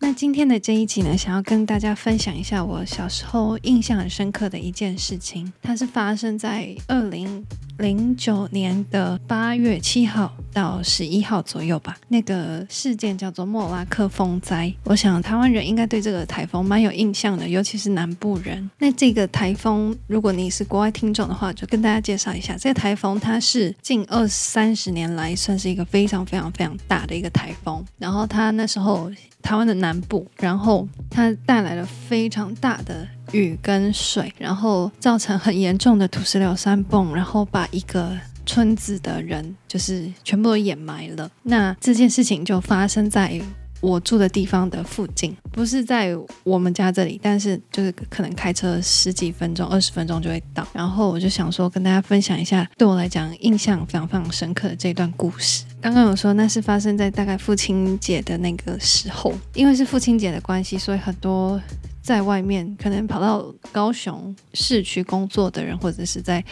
那今天的這一集呢，想要跟大家分享一下我小時候印象很深刻的一件事情，它是發生在二零零九年的八月七號到十一號左右吧。那個事件叫做莫拉克風災。我想台灣人應該對這個颱風蠻有印象的，尤其是南部人。那這個颱風，如果你是國外聽眾的話，就跟大家介紹一下，這個颱風它是近二三十年來算是一個非常非常非常大的一個颱風。然後它那時候台灣的南南部，然後它帶來了非常大的雨跟水，然後造成很嚴重的土石流、山崩，然後把一個村子的人就是全部都掩埋了。那這件事情就發生在。我住的地方的附近，不是在我們家這裡，但是就是可能開車十幾分鐘、二十分鐘就會到。然後我就想說跟大家分享一下，對我來講印象非常非常深刻的這段故事。剛剛有說那是發生在大概父親節的那個時候，因為是父親節的關係，所以很多在外面可能跑到高雄市區工作的人，或者是在。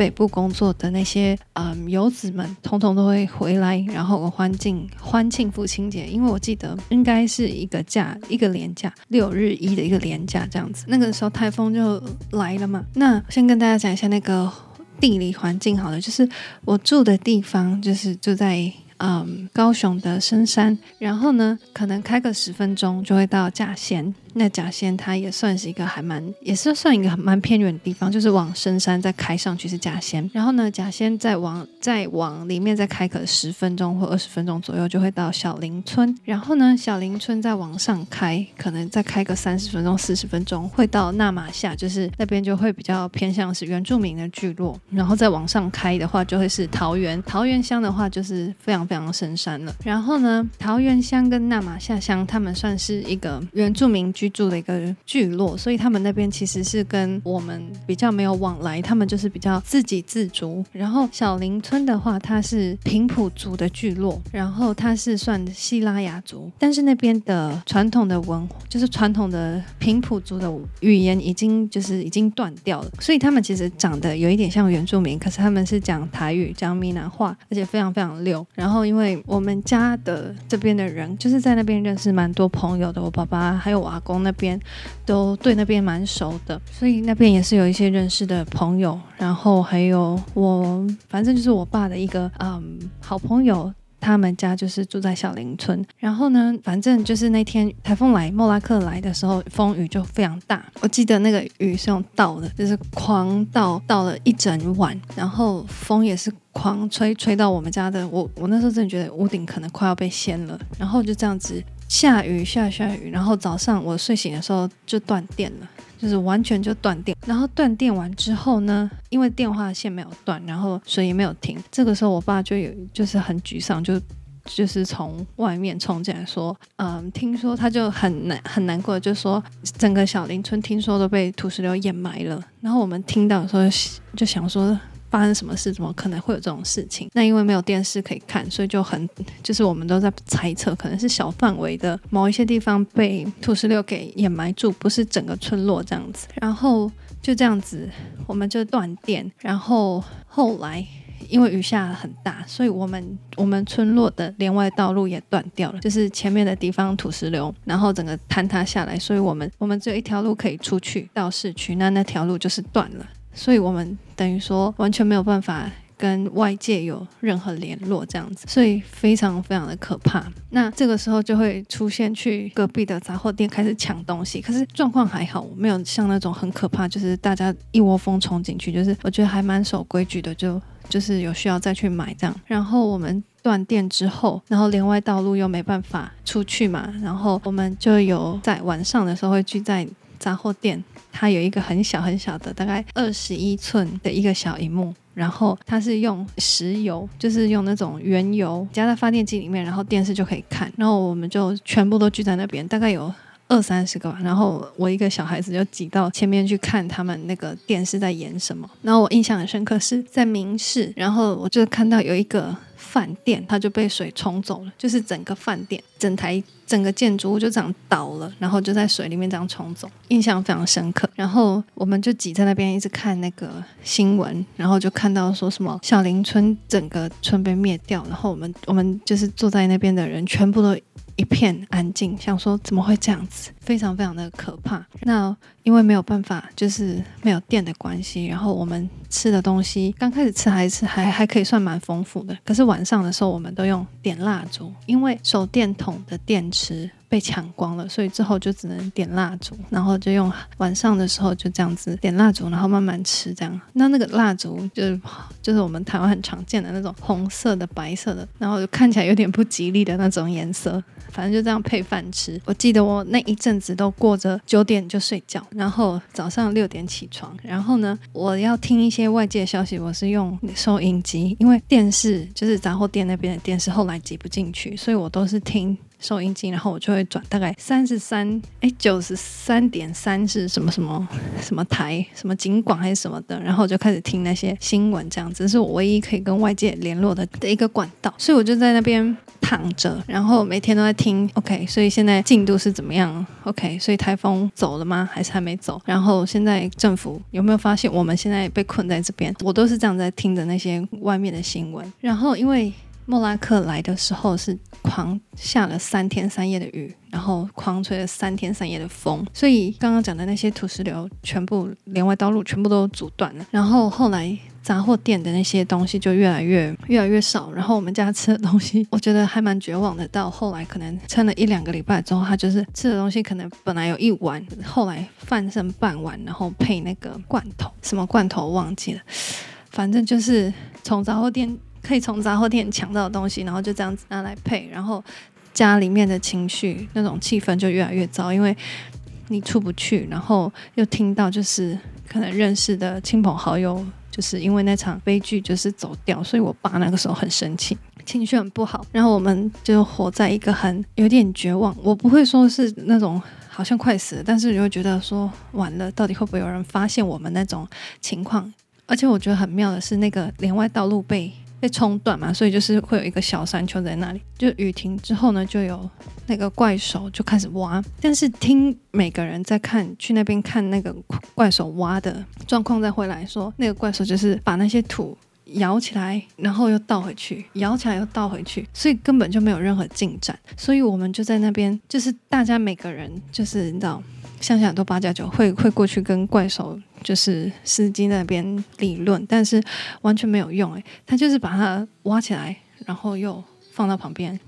北部工作的那些嗯游子們，通通都會回來，然後我歡慶歡慶父親節，因為我記得應該是一個假一個連假，六日一的一個連假這樣子。那個時候台風就來了嘛。那先跟大家講一下那個地理環境好了，好的就是我住的地方就是住在嗯高雄的深山，然後呢可能開個十分鐘就會到甲仙。那甲仙它也算是一個還蠻，也是算一個蠻偏遠的地方，就是往深山再開上去是甲仙，然後呢，甲仙再往再往裡面再開個十分鐘或二十分鐘左右就會到小林村，然後呢，小林村再往上開，可能再開個三十分鐘、四十分鐘會到那瑪夏，就是那邊就會比較偏向是原住民的聚落，然後再往上開的話，就會是桃源，桃源鄉的話就是非常非常深山了，然後呢，桃源鄉跟那瑪夏鄉，他們算是一個原住民。居住的一個聚落，所以他們那邊其實是跟我們比較沒有往來，他們就是比較自給自足。然後小林村的話，它是平埔族的聚落，然後它是算西拉雅族，但是那邊的傳統的文，就是傳統的平埔族的語言已經就是已經斷掉了，所以他們其實長得有一點像原住民，可是他們是講台語，講閩南話，而且非常非常溜。然後因為我們家的這邊的人，就是在那邊認識蠻多朋友的，我爸爸還有我阿公，那邊都對那邊蠻熟的，所以那邊也是有一些認識的朋友，然後還有我，反正就是我爸的一個嗯好朋友，他們家就是住在小林村。然後呢，反正就是那天颱風來，莫拉克來的時候，風雨就非常大。我記得那個雨是用倒的，就是狂倒，倒了一整晚，然後風也是狂吹，吹到我們家的我，我那時候真的覺得屋頂可能快要被掀了，然後就這樣子。下雨下下雨，然後早上我睡醒的時候就斷電了，就是完全就斷電。然後斷電完之後呢，因為電話線沒有斷，然後水也沒有停。這個時候我爸就有就是很沮喪，就就是從外面衝進來說：“嗯，聽說他就很難很難過，就說整個小林村聽說都被土石流掩埋了。”然後我們聽到說就想說。發生什麼事？怎麼可能會有這種事情？那因為沒有電視可以看，所以就很，就是我們都在猜測，可能是小範圍的某一些地方被土石流給掩埋住，不是整個村落這樣子。然後就這樣子，我們就斷電。然後後來因為雨下很大，所以我們，我們村落的連外道路也斷掉了，就是前面的地方土石流，然後整個坍塌下來，所以我們，我們只有一條路可以出去到市區，那那條路就是斷了。所以我們等於說完全沒有辦法跟外界有任何聯絡，這樣子，所以非常非常的可怕。那這個時候就會出現去隔壁的雜貨店開始搶東西，可是狀況還好，我沒有像那種很可怕，就是大家一窩蜂衝進去，就是我覺得還蠻守規矩的，就就是有需要再去買這樣。然後我們斷電之後，然後連外道路又沒辦法出去嘛，然後我們就有在晚上的時候會聚在。雜貨店，它有一個很小很小的，大概二十一寸的一個小熒幕，然後它是用石油，就是用那種原油加在發電機裡面，然後電視就可以看。然後我們就全部都聚在那邊，大概有二三十個吧。然後我一個小孩子就擠到前面去看他們那個電視在演什麼。然後我印象很深刻是在民視，然後我就看到有一個。飯店它就被水沖走了，就是整個飯店、整台、整個建築物就這樣倒了，然後就在水裡面這樣沖走，印象非常深刻。然後我們就擠在那邊一直看那個新聞，然後就看到說什麼小林村整個村被滅掉，然後我們我們就是坐在那邊的人全部都。一片安靜，想說怎麼會這樣子，非常非常的可怕。那因為沒有辦法，就是沒有電的關係。然後我們吃的東西，剛開始吃還是還還可以算蠻豐富的。可是晚上的時候，我們都用點蠟燭，因為手電筒的電池。被搶光了，所以之後就只能點蠟燭，然後就用晚上的時候就這樣子點蠟燭，然後慢慢吃。這樣，那那個蠟燭就是就是我們台灣很常見的那種紅色的、白色的，然後就看起來有點不吉利的那種顏色。反正就這樣配飯吃。我記得我那一陣子都過着九點就睡覺，然後早上六點起床，然後呢，我要聽一些外界消息，我是用收音機，因為電視就是雜貨店那邊的電視，後來擠不進去，所以我都是聽。收音機，然後我就會轉大概三十三，哎，九十三點三是什麼什麼什麼台，什麼警廣還是什麼的，然後我就開始聽那些新聞，這樣子這是我唯一可以跟外界聯絡的的一個管道，所以我就在那邊躺着，然後每天都在聽。OK，所以現在進度是怎麼樣？OK，所以台風走了嗎？還是還沒走？然後現在政府有沒有發現我們現在被困在這邊？我都是這樣在聽着那些外面的新聞，然後因為。莫拉克來的時候是狂下了三天三夜的雨，然後狂吹了三天三夜的風，所以剛剛講的那些土石流，全部連外道路全部都阻斷了。然後後來雜貨店的那些東西就越來越越來越少，然後我們家吃的東西，我覺得還蠻絕望的。到後來可能撐了一兩個禮拜之後，他就是吃的東西可能本來有一碗，後來飯剩半碗，然後配那個罐頭，什麼罐頭忘記了，反正就是從雜貨店。可以從雜貨店搶到的東西，然後就這樣子拿來配，然後家裡面的情緒那種氣氛就越來越糟，因為你出不去，然後又聽到就是可能認識的親朋好友就是因為那場悲劇就是走掉，所以我爸那個時候很生氣，情緒很不好，然後我們就活在一個很有點絕望。我不會說是那種好像快死了，但是你會覺得說完了，到底會不會有人發現我們那種情況？而且我覺得很妙的是，那個連外道路被。被沖斷嘛，所以就是會有一個小山丘在那裡。就雨停之後呢，就有那個怪手就開始挖。但是聽每個人在看去那邊看那個怪手挖的狀況，再回來說，那個怪手就是把那些土搖起來，然後又倒回去，搖起來又倒回去，所以根本就沒有任何進展。所以我們就在那邊，就是大家每個人就是你知道。鄉下很多八加九會會過去跟怪手，就是司機那邊理論，但是完全沒有用誒，他就是把它挖起來，然後又放到旁邊，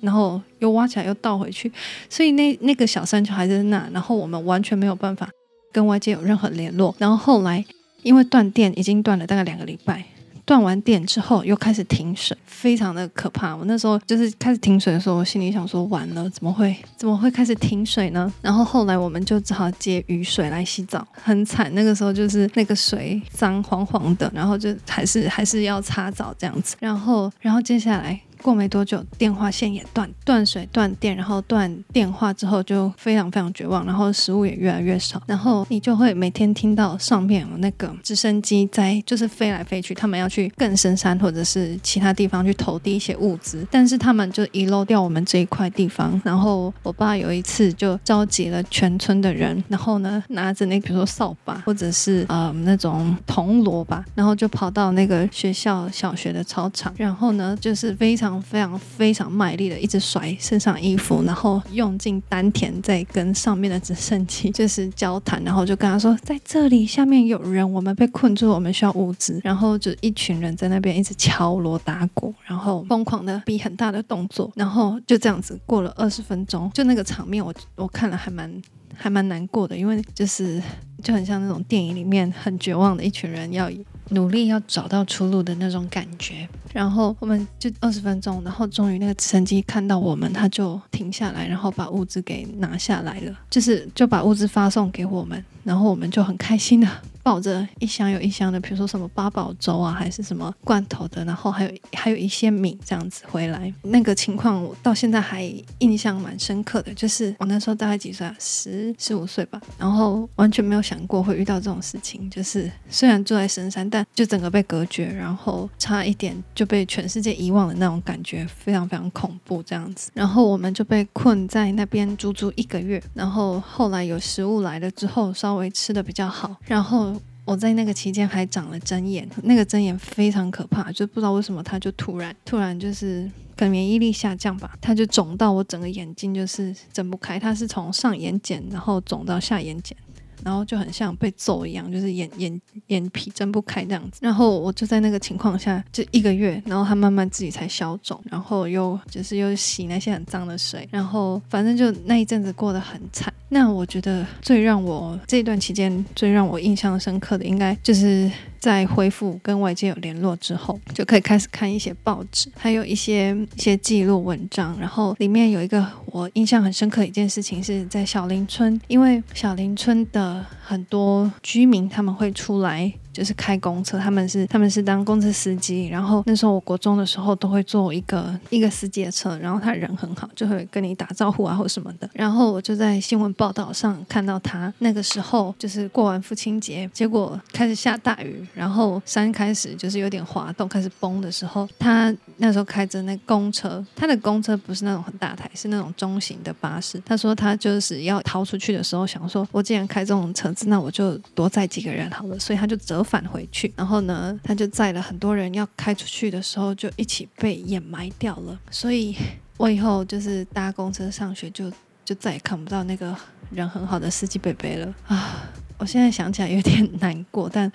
然後又挖起來又倒回去，所以那那個小山丘還在那，然後我們完全沒有辦法跟外界有任何聯絡，然後後來因為斷電已經斷了大概兩個禮拜。斷完電之後又開始停水，非常的可怕。我那時候就是開始停水的時候，我心裡想說，完了，怎麼會怎麼會開始停水呢？然後後來我們就只好接雨水來洗澡，很慘。那個時候就是那個水髒黃黃的，然後就還是還是要擦澡這樣子。然後然後接下來。過沒多久，電話線也斷，斷水斷電，然後斷電話之後就非常非常絕望，然後食物也越來越少，然後你就會每天聽到上面有那個直升機在就是飛來飛去，他們要去更深山或者是其他地方去投遞一些物資，但是他們就遺漏掉我們這一塊地方。然後我爸有一次就召集了全村的人，然後呢拿着那比如說掃把或者是呃那種銅鑼吧，然後就跑到那個學校小學的操場，然後呢就是非常。非常非常賣力的，一直甩身上衣服，然後用盡丹田在跟上面的直升機就是交談，然後就跟他說，在這裡下面有人，我們被困住了，我們需要物資。然後就一群人在那邊一直敲鑼打鼓，然後瘋狂的比很大的動作，然後就這樣子過了二十分鐘，就那個場面我，我我看了還蠻還蠻難過的，因為就是就很像那種電影裡面很絕望的一群人要。努力要找到出路的那種感覺，然後我們就二十分鐘，然後終於那個直升機看到我們，他就停下來，然後把物資給拿下來了，就是就把物資發送給我們，然後我們就很開心了。抱着一箱又一箱的，比如說什麼八寶粥啊，還是什麼罐頭的，然後還有還有一些米這樣子回來。那個情況我到現在還印象蠻深刻的，就是我那時候大概幾歲啊？十十五歲吧。然後完全沒有想過會遇到這種事情，就是雖然住在深山，但就整個被隔絕，然後差一點就被全世界遺忘的那種感覺，非常非常恐怖這樣子。然後我們就被困在那邊足足一個月，然後後來有食物來了之後，稍微吃得比較好，然後。我在那個期間還長了針眼，那個針眼非常可怕，就不知道為什麼它就突然突然就是可能免疫力下降吧，它就腫到我整個眼睛就是睜不開，它是從上眼瞼然後腫到下眼瞼，然後就很像被揍一樣，就是眼眼眼皮睜不開這樣子。然後我就在那個情況下就一個月，然後它慢慢自己才消腫，然後又就是又洗那些很髒的水，然後反正就那一陣子過得很慘。那我覺得最讓我這段期間最讓我印象深刻的，應該就是在恢復跟外界有聯絡之後，就可以開始看一些報紙，還有一些一些記錄文章。然後裡面有一個我印象很深刻的一件事情，是在小林村，因為小林村的很多居民他們會出來。就是開公車，他們是他們是當公車司機，然後那時候我國中的時候都會坐一個一個司機的車，然後他人很好，就會跟你打招呼啊或什麼的。然後我就在新聞報道上看到他那個時候就是過完父親節，結果開始下大雨，然後山開始就是有點滑動，開始崩的時候，他那時候開着那公車，他的公車不是那種很大台，是那種中型的巴士。他說他就是要逃出去的時候，想說我既然開這種車子，那我就多載幾個人好了，所以他就折，返回去，然後呢，他就載了很多人，要開出去的時候，就一起被掩埋掉了。所以我以後就是搭公車上學就，就就再也看不到那個人很好的司機伯伯了啊！我現在想起來有點難過，但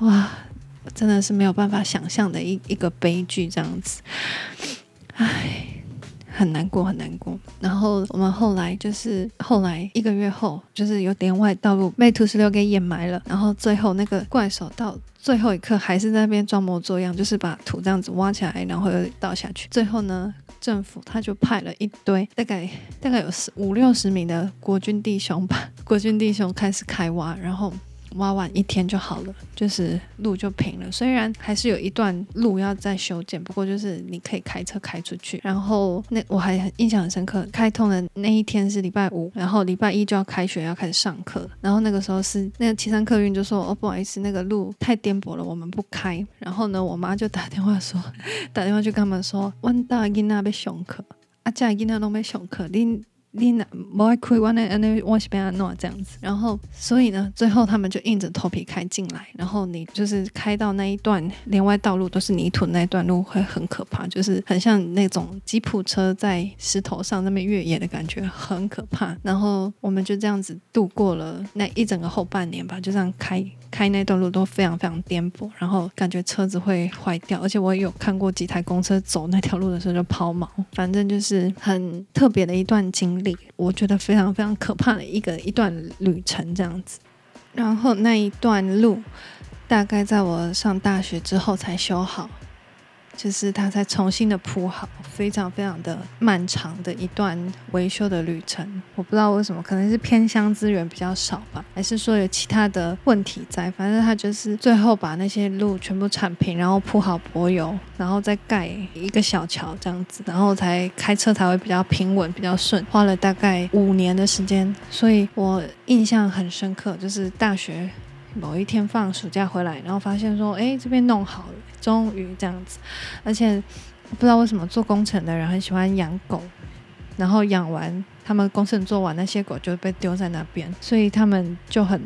哇，我真的是沒有辦法想象的一一個悲劇這樣子，唉。很難過，很難過。然後我們後來就是後來一個月後，就是有點外道路被土石流給掩埋了。然後最後那個怪手到最後一刻還是在那邊裝模作樣，就是把土這樣子挖起來，然後又倒下去。最後呢，政府他就派了一堆，大概大概有四五六十名的國軍弟兄吧，國軍弟兄開始開挖，然後。挖完一天就好了，就是路就平了。雖然還是有一段路要再修建，不過就是你可以開車開出去。然後那我還印象很深刻，開通的那一天是禮拜五，然後禮拜一就要開學要開始上課。然後那個時候是那個七三客運就說，哦不好意思，那個路太顛簸了，我們不開。然後呢，我媽就打電話說，打電話去跟他們說，彎道因那被熊克，啊這樣因那都沒熊克，恁。你那我愛哭，我那我西班牙諾這樣子，然後所以呢，最後他們就硬着頭皮開進來。然後你就是開到那一段連外道路都是泥土那一段路會很可怕，就是很像那種吉普車在石頭上那麼越野的感覺，很可怕。然後我們就這樣子度過了那一整個後半年吧，就這樣開，開那段路都非常非常顛簸，然後感覺車子會壞掉。而且我也有看過幾台公車走那條路的時候就拋錨，反正就是很特別的一段經歷。我覺得非常非常可怕的一個一段旅程，這樣子。然後那一段路，大概在我上大學之後才修好。就是他才重新的鋪好，非常非常的漫長的一段維修的旅程。我不知道為什麼，可能是偏鄉資源比較少吧，還是說有其他的問題在。反正他就是最後把那些路全部鏟平，然後鋪好柏油，然後再蓋一個小橋這樣子，然後才開車才會比較平穩，比較順。花了大概五年的時間，所以我印象很深刻。就是大學某一天放暑假回來，然後發現說，哎、欸，這邊弄好了。終於這樣子，而且不知道為什麼做工程的人很喜歡養狗，然後養完，他們工程做完，那些狗就被丟在那邊，所以他們就很，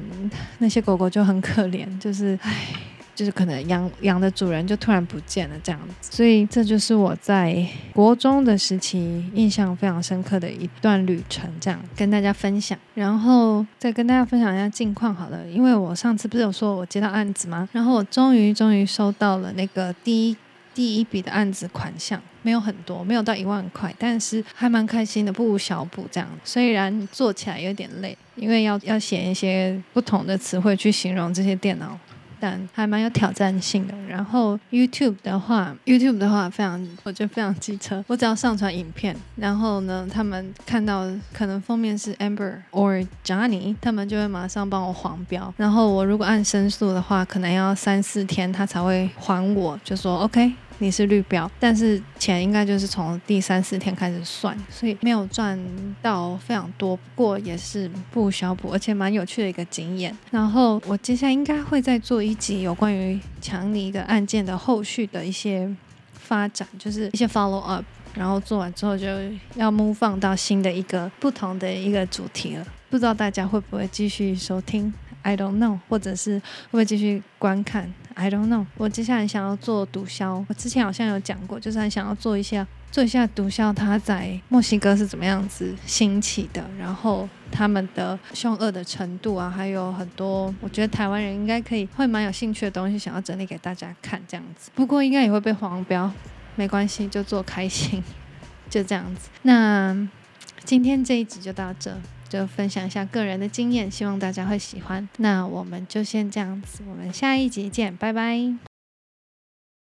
那些狗狗就很可憐，就是，唉。就是可能羊羊的主人就突然不見了這樣子，所以這就是我在國中的時期印象非常深刻的一段旅程，這樣跟大家分享。然後再跟大家分享一下近況好了，因為我上次不是有說我接到案子嗎？然後我終於終於收到了那個第一第一筆的案子款項，沒有很多，沒有到一萬塊，但是還蠻開心的，不無小補這樣。雖然做起來有點累，因為要要寫一些不同的詞彙去形容這些電腦。但還蠻有挑戰性的。然後 YouTube 的話，YouTube 的話非常，我覺得非常機車。我只要上傳影片，然後呢，他們看到可能封面是 Amber 或 Johnny，他們就會馬上幫我黃標。然後我如果按申訴的話，可能要三四天他才會還我，就說 OK。你是綠標，但是錢應該就是從第三四天開始算，所以沒有賺到非常多，不過也是不小補，而且蠻有趣的一個經驗。然後我接下來應該會再做一集有關於強尼的案件的後續的一些發展，就是一些 follow up。然後做完之後就要 move 放到新的一個不同的一個主題了，不知道大家會不會繼續收聽，I don't know，或者是會不會繼續觀看。I don't know。我接下來想要做毒梟。我之前好像有講過，就是很想要做一下做一下毒梟，他在墨西哥是怎麼樣子興起的，然後他們的兇惡的程度啊，還有很多我覺得台灣人應該可以會蠻有興趣的東西，想要整理給大家看這樣子。不過應該也會被黃標，沒關係，就做開心，就這樣子。那今天這一集就到這。就分享一下個人的經驗，希望大家會喜歡。那我們就先這樣子，我們下一集見，拜拜。